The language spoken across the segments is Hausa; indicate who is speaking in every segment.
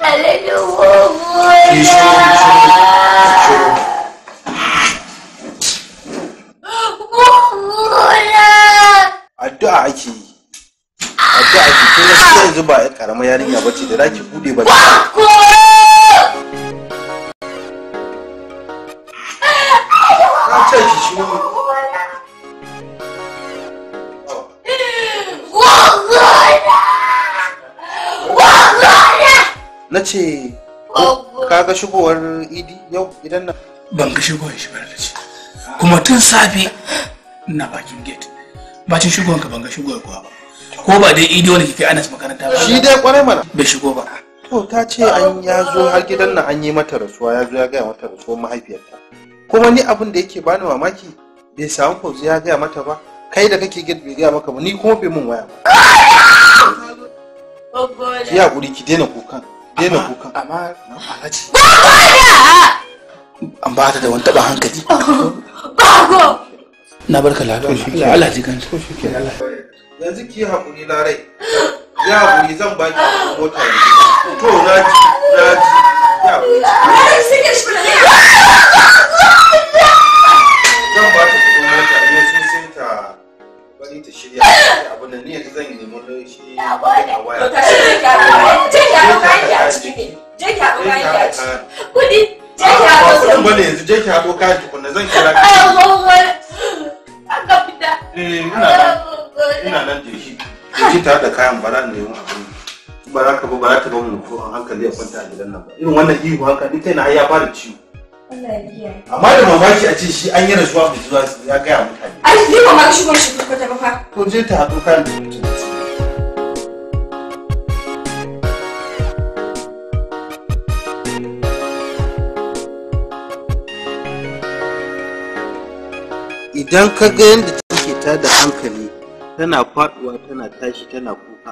Speaker 1: àlejò wo wo yá.
Speaker 2: addu'a ake yi addu'a ake kin ga sai zuba a karamar yarinya bace da zaki bude ba ta
Speaker 1: ce ki shi ce ka
Speaker 2: ga shigowar idi yau idan na ban ga shigowar shi bar da ce kuma tun safe na bakin gate Ba cin shigowar ka ban ga shigowar kuwa ba ko ba dai idi wanda kike anas makaranta ba shi dai kwarai mana bai shigo ba to ta ce an ya zo har gidan nan an yi mata rasuwa ya zo ya gaya mata rasuwar mahaifiyarta kuma ni abin da yake bani mamaki bai samu fauzi ya gaya mata ba kai da kake gate bai gaya maka ba ni kuma bai mun waya ba ya hakuri ki daina kukan daina kuka
Speaker 1: amma alhaji
Speaker 2: an ba ta da wani taba hankali bago na barka lafiya Allah ji kan ko shike Allah yanzu ki hakuri na rai ya hakuri zan ba ki mota to na ji na ji ya hakuri rai shi ke shi
Speaker 1: zan ba ki mota ne sai ta shirya abin nan ne zan yi nemi shi a waya to ta shirya ki a je ki haɗo kayan ki a ciki ne je ki haɗo kayan ki a ciki kuɗi je ki ah, haɗo su
Speaker 2: kuɗin bane yanzu je ki haɗo kayan ki kunna zan kira ki a ah,
Speaker 1: gogon aka
Speaker 2: fita eh ina nan ina nan je shi ta haɗa kayan bara ne mu abin ba za ka ba ba za ta ba mu ko an hankali ya kwanta a gidan nan ba irin wannan ihu haka ya fara ciwo
Speaker 1: amma da mamaki
Speaker 2: a ce shi an yi rasuwa mai zuwa ya gaya mutane
Speaker 1: ni ba ma shigo shi kwata ba
Speaker 2: je ta haɗu idan ka ga yadda take ta da hankali tana faduwa tana tashi tana kuka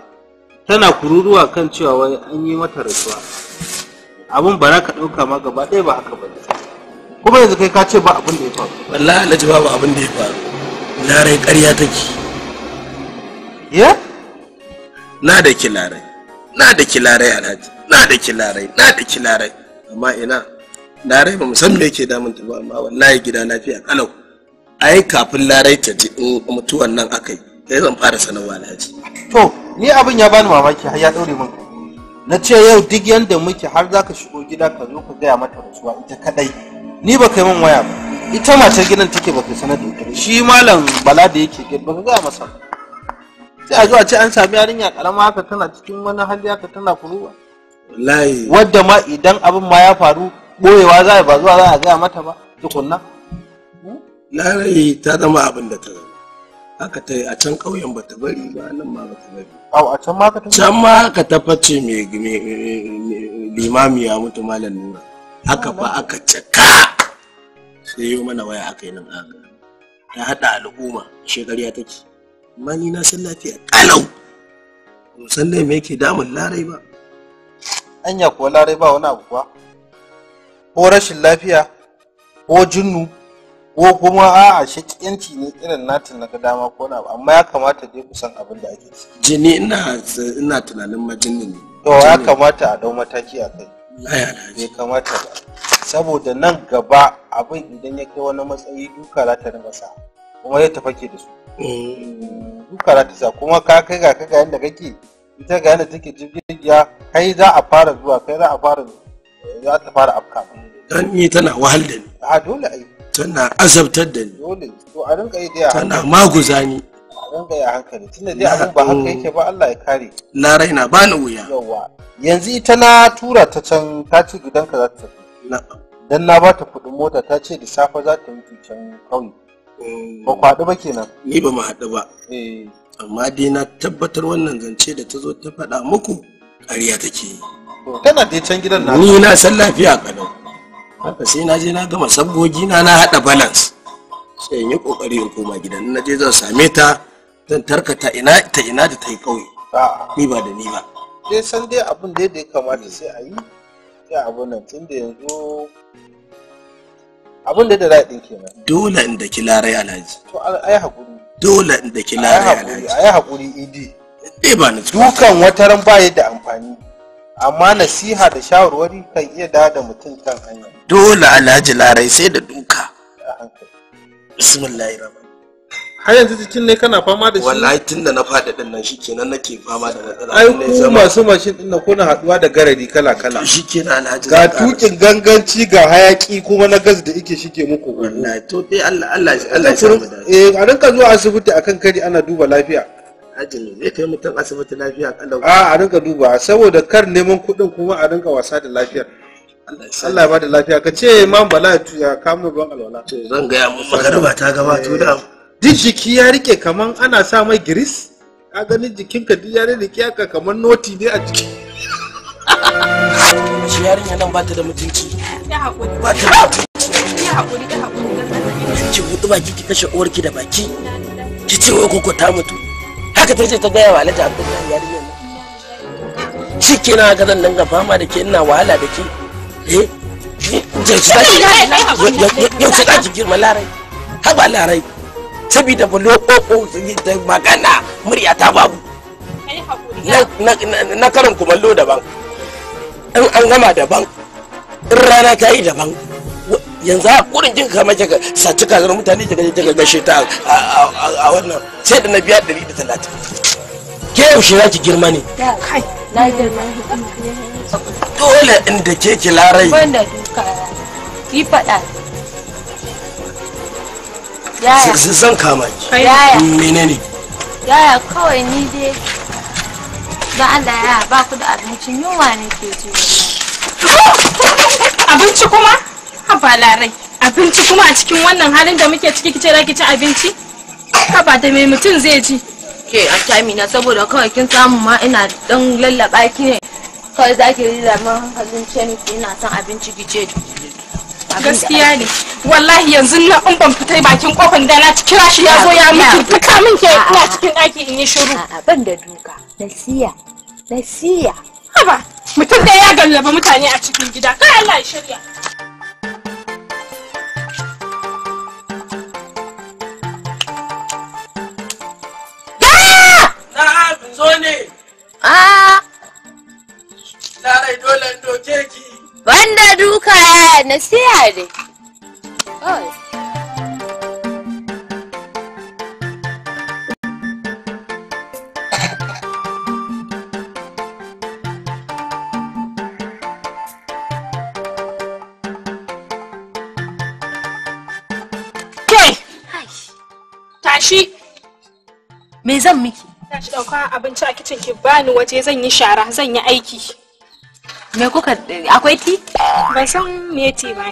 Speaker 2: tana kururuwa kan cewa wai an yi mata rasuwa abin ba za ka ɗauka ma gaba ɗaya ba haka ba kuma yanzu kai ka ce ba abin da ya faru wallahi alhaji babu abin da ya faru larai ƙarya take ya na da ki larai na da ki larai alhaji na da ki larai na da ki larai amma ina larai ba musamman me yake damun ta ba amma wallahi gida lafiya kalau ai kafin larai ta ji in mutuwan nan akai kai zan fara sanarwa alhaji to ni abin ya bani mamaki har ya daure min na ce yau duk yanda muke har zaka shigo gida ka zo ka gaya mata rasuwa ita kadai ni ba kai min waya ba ita matar gidan take baka sanar da ita shi malam bala da yake gidan baka gaya masa sai a zo a ce an sami yarinya karama haka tana cikin wani hali haka tana kuruwa wallahi wadda ma idan abin ma ya faru boyewa za a ba zuwa za a gaya mata ba tukunna larai ta zama abin da ta zama haka ta yi a can ƙauyen ba ta bari ba nan ma ba ta bari au a can ma ka ta can ma haka ta face mai limami ya mutu malam nura haka fa aka cika sai yi mana waya aka yi nan aka ta haɗa al'umma shekariya take amma ni na san lafiya ƙalau ba san lai me yake damun larai ba anya kuwa larai ba wani abu kuwa ko rashin lafiya ko jinnu ko kuma a'a shakiyanci ne irin natin na dama ko na amma ya kamata dai kusan abin da ake ciki jini ina ina tunanin majinnin ne to ya kamata a dau mataki a kai bai kamata ba saboda nan gaba abin idan ya kai wani matsayi duka za ta rinka sa kuma ya ke da su eh. duka za ta sa kuma ka kai ga ka ga yadda kake ita ga yadda take jirgiya kai za a fara zuwa kai za a fara za ta fara afka dan ni tana wahal da ni a dole ai tana azabtar da ni dole to a rinka yi da tana maguza ni hankali dai ba haka yake ba Allah ya kare raina ba ni wuya yawa yanzu ita na tura ta can ta ce gidanka za ta tafi dan na bata kuɗin mota ta ce da safe za ta mutu can kauye eh. ba ku haɗu ba kenan ni ba mu haɗu ba eh. amma dai na tabbatar wannan zance da ta zo ta faɗa muku ƙarya take yi tana dai can gidan na ni na san lafiya kalau haka sai na je na gama sabgogi na na haɗa balance sai in yi ƙoƙari in koma gidan na je zan same ta zan tarka ta ina ta ina da ta yi kauye ni ba da ni ba dai san dai abin da ya kamata sai a yi sai abin nan tun da yanzu abin da da daɗin kenan dole in da kilarai alhaji to ai hakuri dole in da kilarai alhaji ai hakuri idi eh ba ni dukan wata ran ba yadda amfani amma nasiha da shawarwari kan iya da da mutum kan hanya dole alhaji larai sai da duka bismillahir rahmanir har yanzu cikin ne kana fama da shi wallahi tunda na fada din nan shikenan nake fama da nan ai ku masu mashin din nan kuna haduwa da garari kala kala shikenan alhaji ga tukin ganganci ga hayaki kuma na gas da yake shike muku wallahi to dai Allah Allah Allah ya samu eh a rinka zuwa asibiti akan kari ana duba lafiya haji ne kai mutum asibiti lafiya kalau a a rinka duba saboda kar neman kuɗin kuma a rinka wasa da lafiyar Allah ya bada lafiya ka ce imam bala ya kama ban alwala to zan ga ya mun magarba ta gabato da duk jiki ya rike kaman ana sa mai giris ka ganin jikinka duk ya rike ka kaman noti ne a jiki shi yarinya nan ta da mutunci ya hakuri ba ta
Speaker 1: mutunci ya hakuri ya
Speaker 2: hakuri ki buɗe baki ki kashe uwarki da baki ki ce wai koko ta mutu haka ta ce ta gaya wa Alhaji Abdullahi yarinya nan shi kenan haka zan dinga fama da ke ina wahala da ke eh yaushe za ki girma larai haba larai saboda ba lokoko da magana murya ta babu na karin kumallo daban in an gama daban in rana ta yi daban yanzu a kurin jin kama kamar ka saci kazar mutane da gaje daga gashe ta a wannan sai da na biya ɗari da talatin ke yaushe za ki girma ne dole inda ke ki larai ban
Speaker 1: yi faɗa zan
Speaker 2: kama ki menene
Speaker 1: yaya kawai ni dai don allah yaya ba ku da abincin yunwa ne ke ji abinci kuma haba larai abinci kuma a cikin wannan halin da muke ciki kice raki ci abinci haba da mai mutum zai ji ke a amina saboda kawai kin samu ma ina dan lallaba ki ne kawai zaki rila man halin ce ina son abinci kice gaskiya ne wallahi yanzu na in ban fita bakin kofar da na kira shi ya zo ya miki duka min ke ina cikin daki in yi shiru ban da duka nasiya nasiya haba mutum da ya gallaba mutane a cikin gida kai Allah ya shirya na siya ne. Oh. me zan miki tashi ɗauka abinci a kicin ki bani waje zan yi shara zan yi aiki me kuka akwai ti ban san me ti ba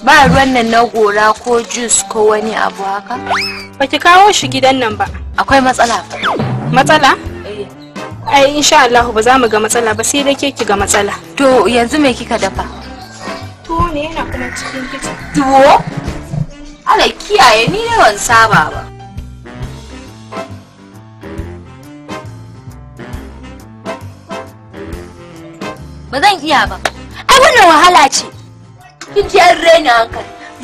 Speaker 1: ba ruwan nan na gora ko juice ko wani abu haka ba ki kawo shi gidan nan ba akwai matsala matsala eh. ai insha Allah ba za mu ga matsala ba sai dai ke ki ga matsala to yanzu me kika dafa tuwo ne yana kuma cikin kitchen tuwo ala kiyaye ni ne ban saba ba ba zan iya ba ai wannan wahala ce kin an rena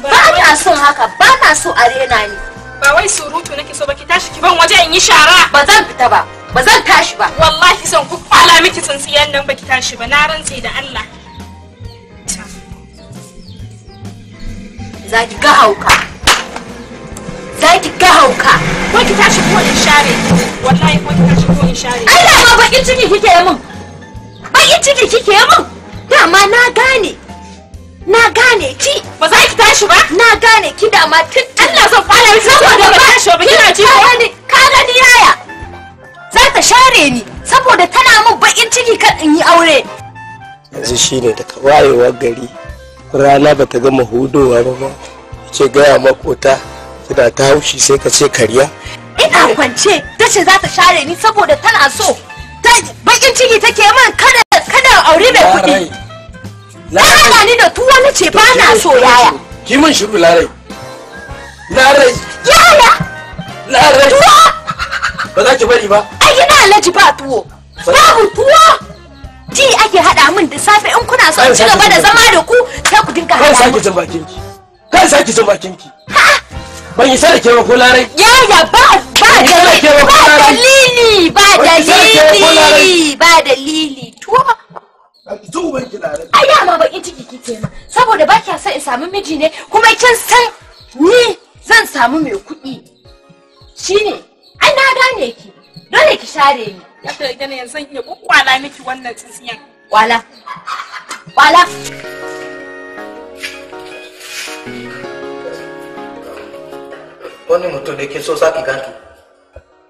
Speaker 1: hankali ba na son haka ba na so a rena ni ba wai surutu nake so ba ki tashi ki ban waje in yi shara ba zan fita ba ba zan tashi ba wallahi son ku kwala miki tsintsiyan nan ba ki tashi ba na rantse da Allah za ki ga hauka za ki ga hauka ko ki tashi ko in share wallahi ko ki tashi ko in share Allah ma bakin ciki kike min bakin ciki kike min dama na gane na gane ki ba za ki tashi ba na gane ki dama tun Allah zan fara saboda ba tashi ba kina ji ko ni ka gani yaya za ta share ni saboda tana min bakin ciki kan in yi aure
Speaker 2: yanzu shine daga wayewar gari rana ba ta gama hudowa ba ba ce gaya makota kina ta haushi sai ka ce karya
Speaker 1: ina kwance tace za ta share ni saboda tana so bakin ciki take min kada yaron aure mai kuɗi ni da tuwa na ce ba na so yaya
Speaker 2: ki shiru larai larai yaya larai
Speaker 1: tuwa ba za ki bari ba ai ina ba tuwo babu tuwa ji ake haɗa min da safe in kuna son ci gaba da zama da ku sai ku dinga haɗa
Speaker 2: jin bakin ki jin bakin ki ban yi ba ko larai
Speaker 1: yaya ba ba dalili ba dalili ba dalili ba dalili Zo ban da rai. Ai dama bakin ciki kike ma saboda ba kya son in samu miji ne kuma kin san ni zan samu mai kuɗi. Shine ai na gane ki dole ki share ni. Ya ta gane yanzu zan iya kukkwala miki wannan tsintsiyan. Wala. Wala.
Speaker 2: Wani mutum da ke so sa ki ganki.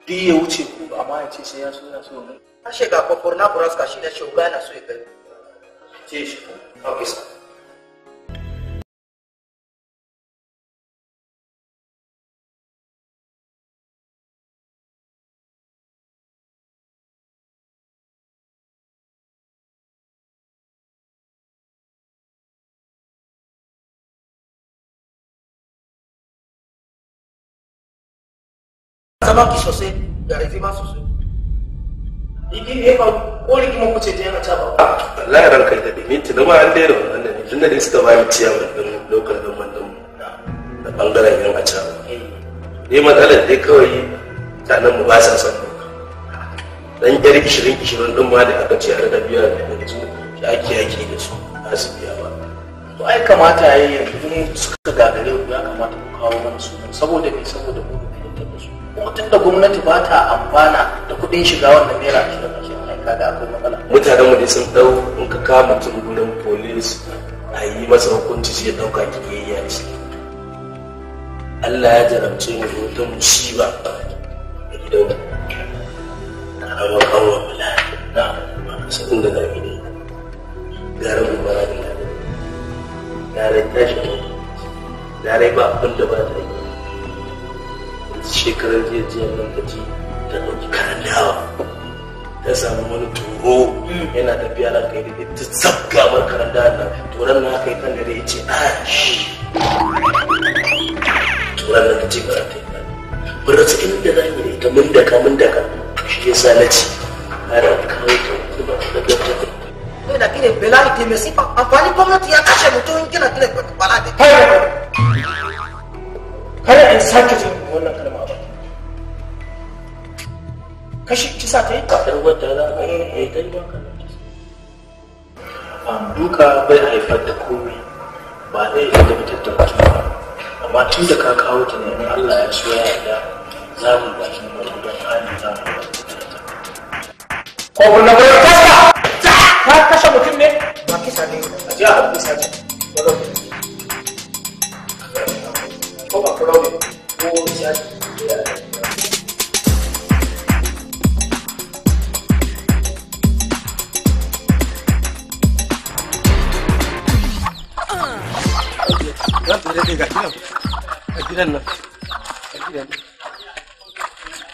Speaker 2: Duk ya wuce ku amma ya ce sai ya suna ya so ne. Naše ga poporna boraska shi naše
Speaker 1: ugana su je gani. Tiš, opisa. Zaman ki sosai, garifi ma sosai. idi ne ba ko rigima ku ce ta
Speaker 2: yana ta ba wallahi ranka da bi minti da ma an daina wannan ne tunda dai suka bayan ciyawa din lokal din wannan da bangaren yan acha ne eh. matsalar dai kawai nan mu ba sa son dan yar 20 20 din ma da aka ce har da biya da yanzu shi ake yaki da su ba su biya ba to ai kamata yayi yanzu suka gagare ku ya kamata ku kawo mana su saboda me saboda mu aiwatar da su kuma tun da gwamnati ba ta amfana da kuɗin shiga wannan naira ashirin ashirin ai kaga akwai matsala mutanen mu ne sun ɗau in ka kama mutum gurin polis a yi masa hukunci sai ya ɗauka kiyayya ce Allah ya jarabce mu da wata musiba a gidan hawa hawa bala na sabon da na gidi gara mu bara da gara tashi gara ba abin da ba ta yi shekarar jiya jiya nan ta ji ta ɗauki karan yawa ta samu wani turo yana tafiya biya kai da ta zabga bar kanan da nan turan na kai kan da ya ce ash turan na ta ce bara ta yi mun rasa inda za mu yi ta mun daka mun daka shi ya sa na ci ara kawai kawo ta kuma ta gabata ne da kire bela ite mai sifa amfani gwamnati ya kashe mutum kina kire balade kare kare in sake jin kisa ta yi faɗar wadda za yi ta yi wanka duka bai haifar da komai ba zai da ba amma tun da ka kawo allah ya so ya za mu za mu ko kun na kashe mutum ne ba kisa ne a ji a haɗu ko ba kurau ne ko gidan nan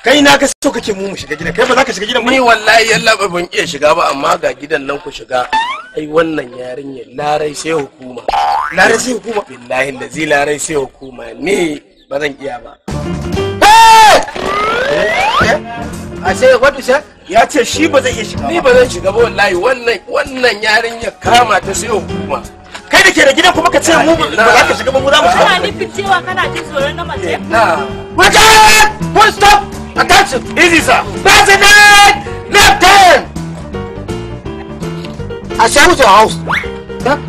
Speaker 2: kai na ka so kake mu shiga gidan kai ba za ka shiga gidan ba ni wallahi yalla ban iya shiga ba amma ga gidan nan ku shiga ai wannan yarinya larai sai hukuma larai sai hukuma billahi lazi larai sai hukuma ni ba zan iya ba a sai wadu sai ya ce shi ba zai iya shiga ni ba zan shiga ba wallahi wannan wannan yarinya kama ta sai hukuma kai da ke da gidan kuma ka ce mu ba za ka
Speaker 1: shiga ba mu za mu shiga kana nufin cewa kana jin tsoron na mace Na. wajen full stop attention easy sir president left hand
Speaker 2: a shawo to house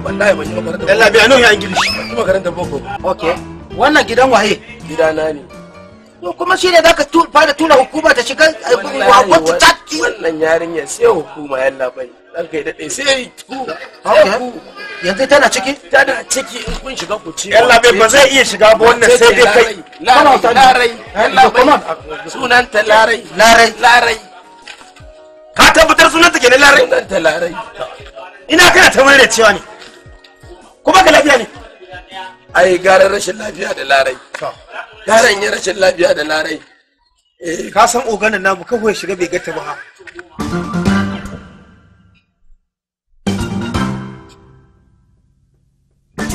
Speaker 2: wallahi ban yi makarantar Allah bai anon ya ingilishi kuma makarantar boko okay wannan gidan waye gidana ne to kuma shi ne zaka fara tuna hukuma ta shiga wata taki wannan yarinya sai hukuma yalla bai dan kai dade sai ku yanzu tana ciki tana ciki in kun shiga ku ci yalla bai ba zai iya shiga ba wannan sai dai kai larai larai sunan ta larai larai larai ka tabbatar sunan ta kenan larai sunan ta larai ina kana ta da cewa ne kuma ka lafiya ne ai gara rashin lafiya da larai gara yin rashin lafiya da larai eh, ka san oganin namu kawai shiga bai gata ba ha.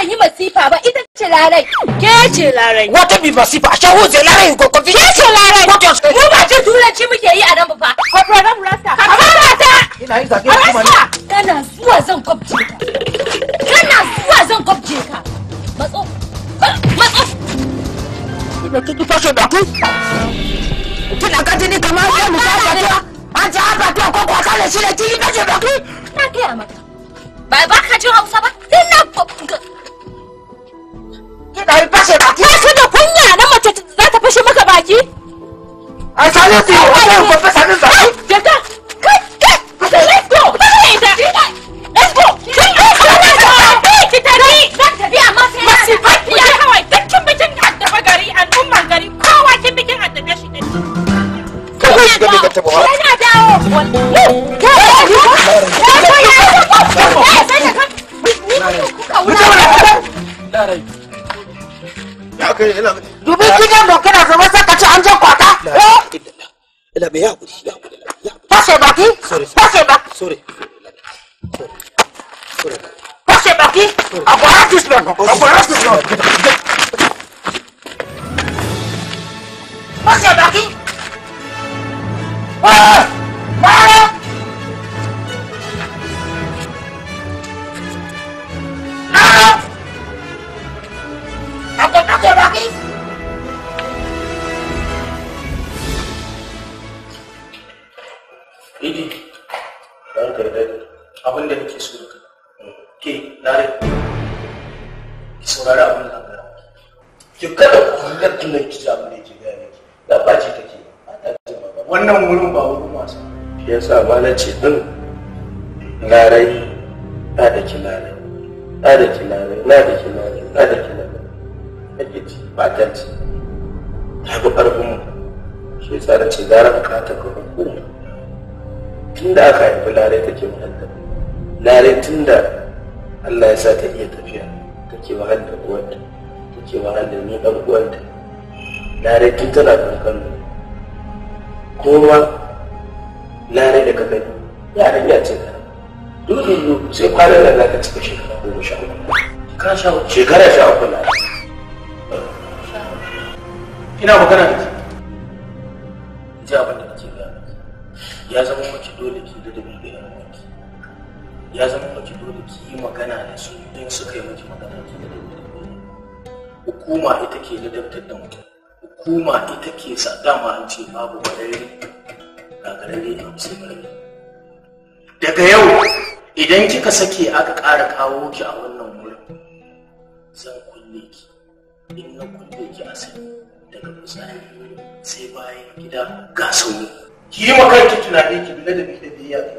Speaker 1: ban yi masifa ba ita ce larai. Ke ce larai. Wata bi masifa a shahu zai larai ko kokofi. Ke ce larai. Mu ba ce turanci muke yi a nan ba fa. Ka program rasta. Ka program ta. Ina yi zage kuma ne. Kana zuwa zan kwabce ka. Kana zuwa zan kwabce ka. Matso. Matso. Ina kiki fashe da ku. Kina ka ni kamar sai mu fasa ta. An ci haka to ko kwa kana shi da kiki fashe da ku. Na gaya maka. Ba ba ka ji Hausa ba. Ina ki dai fashe baki ba ka da kunya na mace za ta fashe maka baki a sai sai wannan ko fasa nan za idi don gargadi abin da nake so ka ke lare ki
Speaker 2: saurari abin da gara ki kada kullum tunan ki ji abin da yake gaya miki da ba ce take ba wannan wurin ba wurin wasa shi sa ba na ce din larai ta da ki larai ta da ki larai na da ki larai na da ki larai ki ci ba ta ci ta bi ƙarfin mu shi yasa na ce gara ka ta kuma Tunda aka haifi larai take wahalar larai tunda allah ya sa ta iya tafiya take wahalar uwanta take wahalar ni dan uwanta larai tun tana kankan kuma larai da kakai yaran ya ce ka dole ne sai kwanan nan zaka cika shekara goma sha uku ka sha uku shekara sha uku na ina magana da ke ji abin da nake ya zama ya zama kwaki dole ki yi magana da su in suka yi miki magana ki da hukuma ita ke ladabtar da mutum hukuma ita ke sa dama an ce babu barare gagarare a musu barare daga yau idan kika sake aka ƙara kawo ki a wannan wurin zan kulle ki in na kulle ki a sani daga fitsari sai bayan gida ga sauri ki yi makarki tunanin ki bi ladabi da biyayya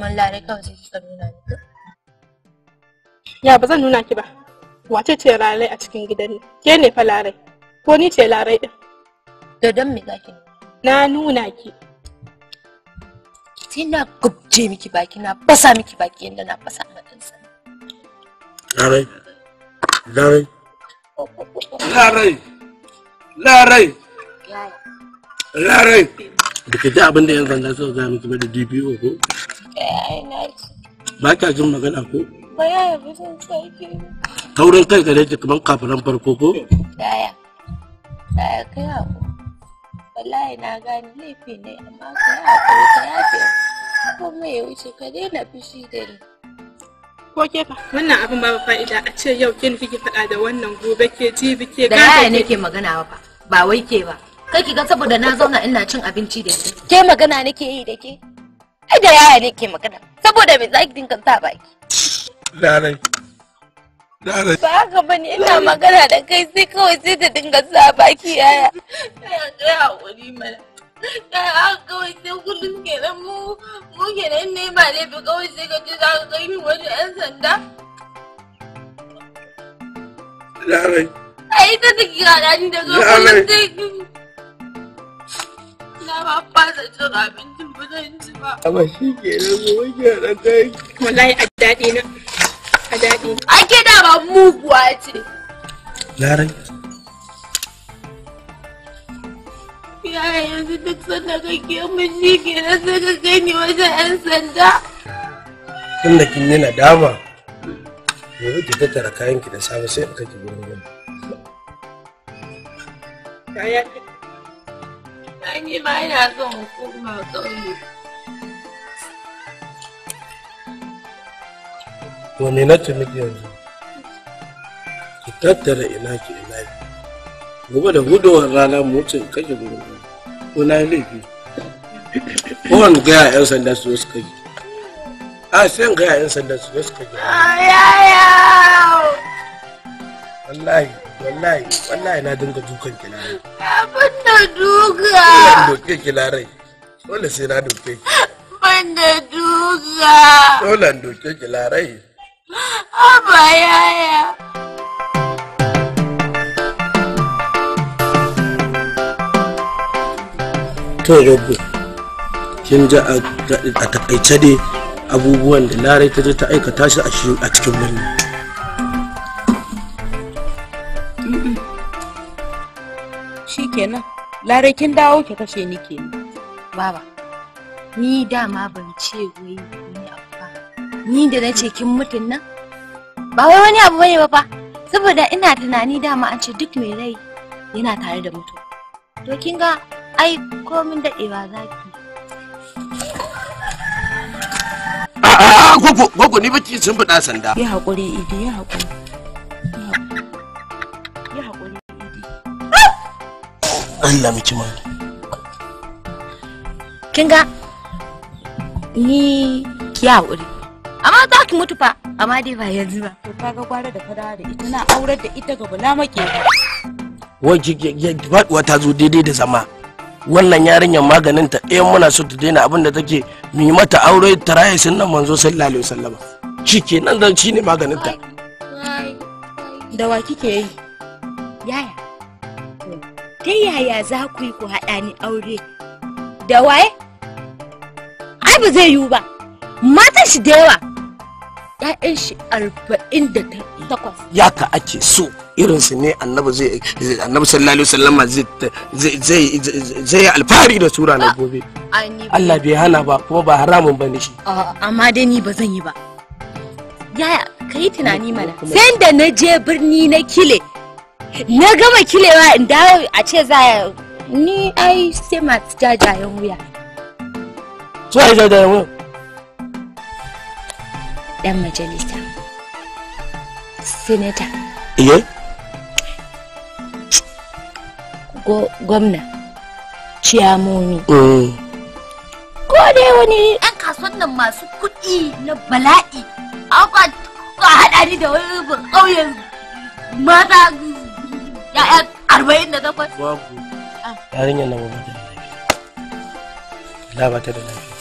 Speaker 1: malla kawai sai nuna ni ya ba zan nuna ki ba wace ce larai a cikin gidan ne ke ne fa larai ko ni ce larai din da dan me zaki na nuna ki sai na gubje miki baki na fasa miki baki yadda na fasa sa
Speaker 2: larai larai larai larai larai da ke ji abin da yanzu zanda suka gaya miki ba da dpo ko ai ba jin magana ko
Speaker 1: ba ya yabi zan sake
Speaker 2: taurin kai gare ki kaman kafiran farko ko
Speaker 1: yaya yaya kai hako wallahi na gane laifi ne amma ka yi hakuri ka yafe ko mai ya wuce ka daina fushi da ni ko ke fa wannan abin babu fa'ida a ce yau kin kike faɗa da wannan gobe ke ji bike da yaya nake magana ba ba wai ke ba kai ki ga saboda na zauna ina cin abinci da ke ke magana nake yi da ke ai da yaya ne ke magana saboda me zaki dinka sa baki
Speaker 2: larai larai ba
Speaker 1: haka bane ina magana da kai sai kawai sai ta dinga sa baki yaya ya hakuri mana da haka kawai sai kullum kenan mu mu kenan ne ba laifi kawai sai ka ce za ka kai min wajen yan sanda larai ai ta take gana ni da kullum sai na ma fasa cin abincin ba zan ci ba. Amma shi ke nan mu wanke da kai. Wallahi a daɗi na. A daɗi. A gida ba muguwa ce. Larai. Yaya yanzu duk sanda kake mun shi ke nan sai ka kai ni wajen 'yan sanda.
Speaker 2: Tunda kin yi nadama. Yanzu ki tattara kayanki da safe sai aka kake gurin gani.
Speaker 1: Kayan Ai ni ma ina son hukuma ƙauye.
Speaker 2: To na tuni yanzu? Ki tattara ina ki ina ki. Gobe da gudowar rana mu wuce kake gurin. Ko na laifi. Kowane gaya 'yan sanda su suka yi. A sai in gaya 'yan sanda su suka yi.
Speaker 1: Ayayaw!
Speaker 2: Wallahi. wallahi wallahi na dinga dukan kilarai
Speaker 1: abin da duka na
Speaker 2: doke kilarai dole sai na doke
Speaker 1: ban da duka
Speaker 2: dole na doke kilarai
Speaker 1: aba yaya
Speaker 2: to rabbi kin ji a takaice dai abubuwan da larai ta je ta aikata shi a cikin birni
Speaker 1: kenan larai kin dawo ki kashe ni ke baba ni dama ban ce wai wani abu ba ni da na ce kin mutun nan ba wai wani abu bane ba fa saboda ina tunani dama an ce duk mai rai yana tare da mutu to kin ga ai komin dadewa zaki
Speaker 2: a'a gogo gogo ni baki sun fada sanda ya
Speaker 1: hakuri idi ya hakuri
Speaker 2: Allah miki ma kin
Speaker 1: Kinga ni ki haƙuri amma za ki mutu fa amma dai ba yanzu ba to ka ga gwara da fada da ita na aure da ita ga bala make
Speaker 2: wai faduwa ta zo daidai da zama wannan yarinyar maganin ta ɗayan eh, muna so ta daina abin da take mu yi mata aure ta raye sun nan manzo sallallahu alaihi wasallama shikenan dan shine maganin ta
Speaker 1: da wa kike yi yaya ta yaya za ku yi ku haɗa ni aure da waye ai ba zai yiwu ba matan shi da yawa ‘ya'yan shi arba'in da takwas
Speaker 2: ya ka ake so irinsu ne annabi zai annabi sallallahu alaihi zai yi alfahari da sura na gobe
Speaker 1: Allah bai hana
Speaker 2: ba kuma ba haramun bane shi
Speaker 1: amma dai ni ba zan yi ba yaya ka yi tunani mana sai da na je birni na kile na gama kilewa in dawo a ce za ni ai sai masu jajayen wuya
Speaker 2: su ai jajayen wuya
Speaker 1: dan majalisa senator iye gwamna ciyamomi mm. ko dai wani yan kasuwan nan masu kuɗi na bala'i kwa haɗa ni da wani ƙauyen mata 'ya'ya arba'in da takwas babu
Speaker 2: ah. yarinyar da lafiya ba ta da lafiya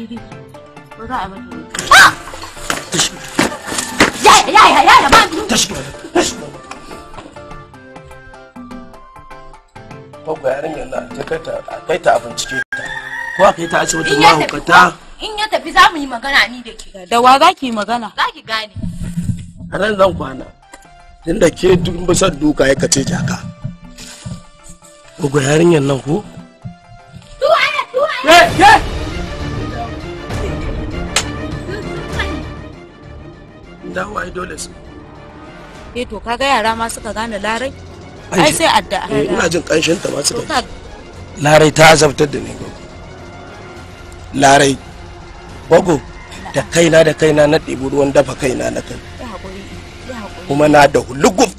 Speaker 2: za a mata ta
Speaker 1: in ya tafi za mu yi magana ni da ke da wa za ki magana za ki gane
Speaker 2: a nan zan kwana inda ke bisan duka ya kace jaka gugu yarinyar nan ko dawo ai dole
Speaker 1: eh, to kaga yara ma suka gane larai ai sai addu'a eh, ina
Speaker 2: jin kanshin ta ma larai ta azabtar da ni gogo larai gogo da kaina da kaina na ɗebi ruwan dafa kaina na kai kuma na da lugu